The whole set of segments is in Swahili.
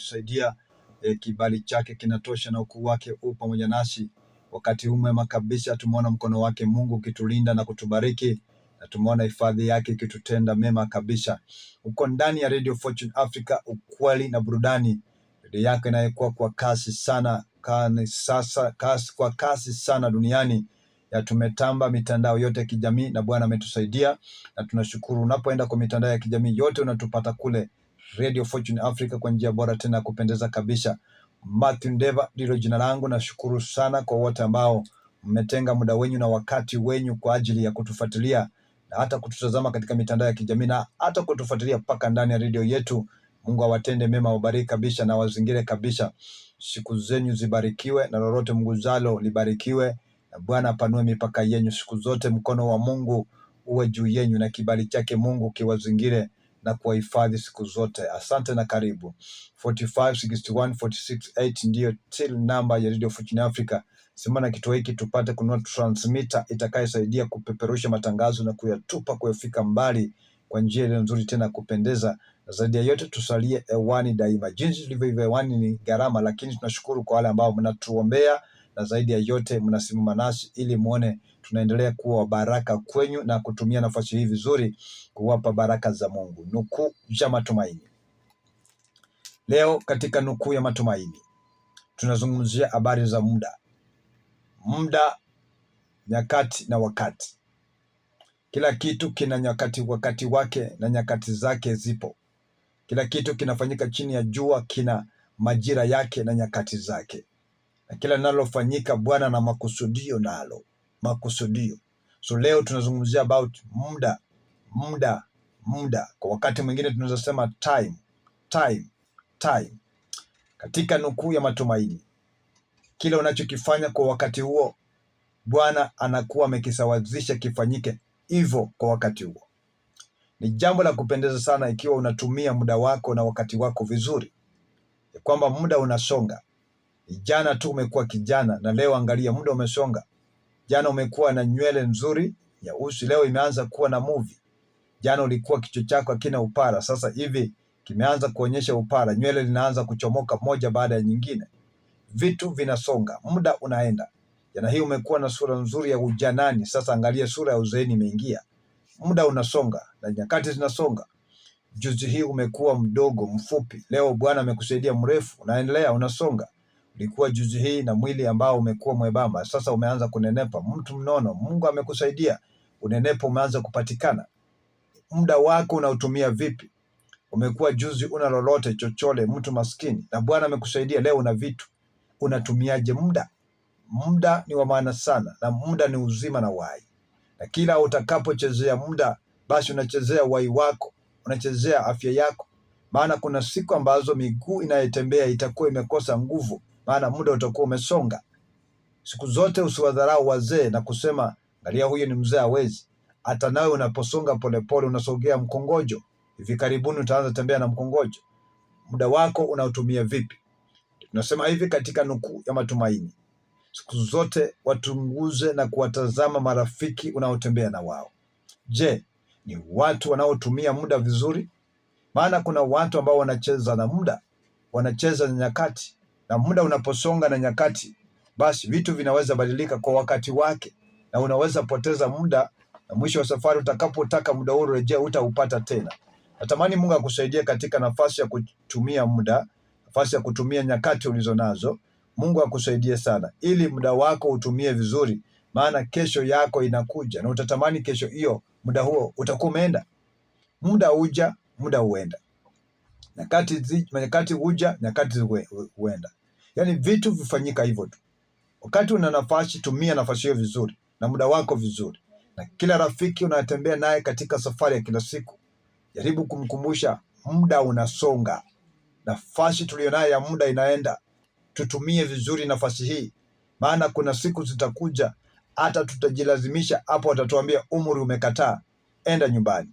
ametusaidia eh, kibali chake kinatosha na ukuu wake u pamoja nasi wakati huu mwema kabisa. Tumeona mkono wake Mungu ukitulinda na kutubariki na tumeona hifadhi yake ikitutenda mema kabisa. Uko ndani ya Radio Fortune Africa, ukweli na burudani, redio yako inayekuwa kwa kasi sana kani sasa kasi, kwa kasi sana duniani ya tumetamba mitandao yote ya kijamii, na Bwana ametusaidia na tunashukuru. Unapoenda kwa mitandao ya kijamii yote unatupata kule, Radio Fortune Africa kwa njia bora tena kupendeza kabisa. Matthew Ndeva ndilo jina langu. Nashukuru sana kwa wote ambao mmetenga muda wenyu na wakati wenyu kwa ajili ya kutufuatilia na hata kututazama katika mitandao ya kijamii na hata kutufuatilia mpaka ndani ya redio yetu. Mungu awatende mema, wabariki kabisa na wazingire kabisa. Siku zenyu zibarikiwe na lolote mguzalo libarikiwe, na Bwana apanue mipaka yenyu siku zote. Mkono wa Mungu uwe juu yenyu na kibali chake Mungu kiwazingire na kuwahifadhi siku zote. Asante na karibu. 4561468 ndiyo till namba ya Radio Fortune Africa. Simama na kituo hiki tupate kununua transmitter itakayosaidia kupeperusha matangazo na kuyatupa kuyafika mbali kwa njia ile nzuri tena kupendeza. Zaidi ya yote, tusalie hewani daima. Jinsi tulivyo hewani ni gharama, lakini tunashukuru kwa wale ambao mnatuombea na zaidi ya yote mnasimama nasi ili muone tunaendelea kuwa baraka kwenyu na kutumia nafasi hii vizuri kuwapa baraka za Mungu. Nukuu ya matumaini. Leo katika nukuu ya matumaini tunazungumzia habari za muda, muda, nyakati na wakati. Kila kitu kina nyakati, wakati wake na nyakati zake zipo. Kila kitu kinafanyika chini ya jua kina majira yake na nyakati zake na kila linalofanyika Bwana na makusudio nalo, makusudio. So leo tunazungumzia about muda, muda, muda. Kwa wakati mwingine tunaweza sema time, time, time. Katika nukuu ya matumaini, kila unachokifanya kwa wakati huo Bwana anakuwa amekisawazisha kifanyike hivyo kwa wakati huo. Ni jambo la kupendeza sana ikiwa unatumia muda wako na wakati wako vizuri, ya kwamba muda unasonga Jana tu umekuwa kijana na leo angalia muda umesonga. Jana umekuwa na nywele nzuri ya usi, leo imeanza kuwa na muvi. Jana ulikuwa kichwa chako hakina upara, sasa hivi kimeanza kuonyesha upara, nywele linaanza kuchomoka moja baada ya nyingine. Vitu vinasonga, muda unaenda. Jana hii umekuwa na sura nzuri ya ujanani, sasa angalia sura ya uzeeni imeingia. Muda unasonga na nyakati zinasonga. Juzi hii umekuwa mdogo mfupi, leo Bwana amekusaidia mrefu, unaendelea unasonga likuwa juzi hii na mwili ambao umekuwa mwebamba, sasa umeanza kunenepa, mtu mnono. Mungu amekusaidia, unenepo umeanza kupatikana. Muda wako unautumia vipi? Umekuwa juzi una lolote chochole, mtu maskini, na Bwana amekusaidia leo una vitu, unatumiaje muda? Muda ni wa maana sana, na muda ni uzima na uhai, na kila utakapochezea muda, basi unachezea uhai wako, unachezea afya yako, maana kuna siku ambazo miguu inayetembea itakuwa imekosa nguvu maana muda utakuwa umesonga. Siku zote usiwadharau wazee na kusema angalia, huyu ni mzee, hawezi. Hata nawe unaposonga polepole, unasogea mkongojo, hivi karibuni utaanza tembea na mkongojo. Muda wako unaotumia vipi? Tunasema hivi katika nukuu ya matumaini, siku zote watunguze na kuwatazama marafiki unaotembea na wao. Je, ni watu wanaotumia muda vizuri? Maana kuna watu ambao wanacheza na muda, wanacheza na nyakati na muda unaposonga na nyakati, basi vitu vinaweza badilika kwa wakati wake, na unaweza poteza muda, na mwisho wa safari utakapotaka muda huo urejea, utaupata tena. Natamani Mungu akusaidie katika nafasi ya kutumia muda, nafasi ya kutumia nyakati ulizonazo. Mungu akusaidie sana, ili muda wako utumie vizuri, maana kesho yako inakuja na utatamani kesho hiyo muda huo utakuwa umeenda. Muda uja, muda huenda, nyakati huja, nyakati huenda. Yaani vitu vifanyika hivyo tu. Wakati una nafasi, tumia nafasi hiyo vizuri na muda wako vizuri, na kila rafiki unatembea naye katika safari ya kila siku, jaribu kumkumbusha muda unasonga, nafasi tuliyonayo ya muda inaenda. Tutumie vizuri nafasi hii, maana kuna siku zitakuja hata tutajilazimisha. Hapo watatuambia umri umekataa, enda nyumbani.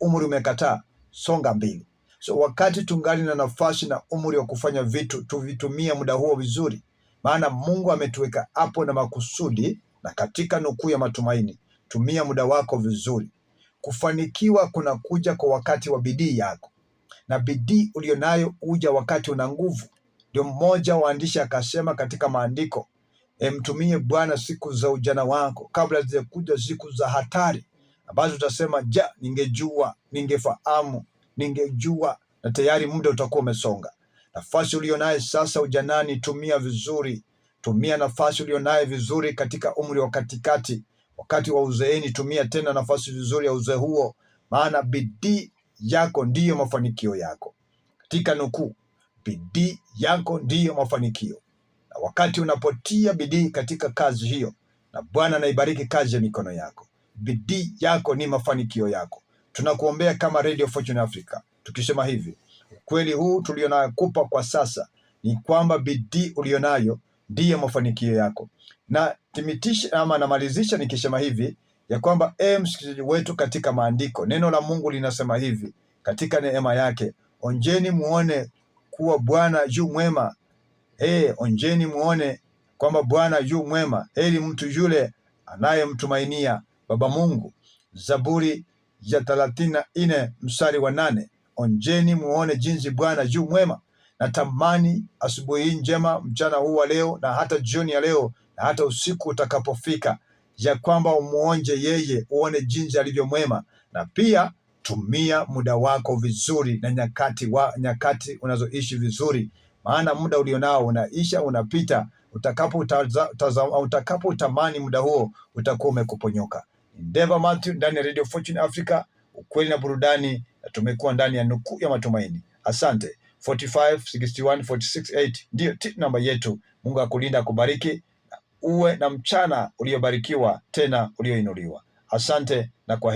Umri umekataa, songa mbili. So wakati tungali na nafasi na umri wa kufanya vitu, tuvitumie muda huo vizuri, maana Mungu ametuweka hapo na makusudi. Na katika nukuu ya matumaini, tumia muda wako vizuri. Kufanikiwa kunakuja kwa wakati wa bidii yako, na bidii ulionayo uja wakati una nguvu. Ndio mmoja waandishi akasema katika maandiko e, mtumie Bwana siku za ujana wako, kabla zijakuja siku za hatari ambazo utasema, ja, ningejua, ningefahamu ningejua, na tayari muda utakuwa umesonga. Nafasi ulionayo sasa ujanani, tumia vizuri. Tumia nafasi ulionayo vizuri katika umri wa katikati. Wakati wa uzeeni, tumia tena nafasi vizuri ya uzee huo, maana bidii yako ndiyo mafanikio yako. Katika nukuu, bidii yako ndiyo mafanikio. Na wakati unapotia bidii katika kazi hiyo, na Bwana anaibariki kazi ya mikono yako. Bidii yako ni mafanikio yako. Tunakuombea kama Radio Fortune Africa tukisema hivi, ukweli huu tulionayokupa kwa sasa ni kwamba bidii ulionayo ndiye mafanikio yako, na timitisha ama namalizisha nikisema hivi ya kwamba e, msikilizaji wetu, katika maandiko neno la Mungu linasema hivi katika neema yake, onjeni muone kuwa Bwana yu mwema. E, onjeni muone kwamba Bwana yu mwema, heri mtu yule anayemtumainia Baba Mungu. Zaburi ya thelathini na nne mstari wa nane onjeni muone jinsi Bwana juu mwema. Natamani asubuhi hii njema, mchana huu wa leo, na hata jioni ya leo, na hata usiku utakapofika, ya kwamba umuonje yeye, uone jinsi alivyo mwema, na pia tumia muda wako vizuri na nyakati, wa, nyakati unazoishi vizuri, maana muda ulionao unaisha, unapita. Utakapo utakapotamani muda huo utakuwa umekuponyoka. Endeavor Mathew ndani ya Radio Fortune Africa, ukweli na burudani, na tumekuwa ndani ya nukuu ya matumaini. Asante. 4561468 ndiyo tip namba yetu. Mungu akulinda, akubariki, uwe na mchana uliobarikiwa tena ulioinuliwa. Asante na kwa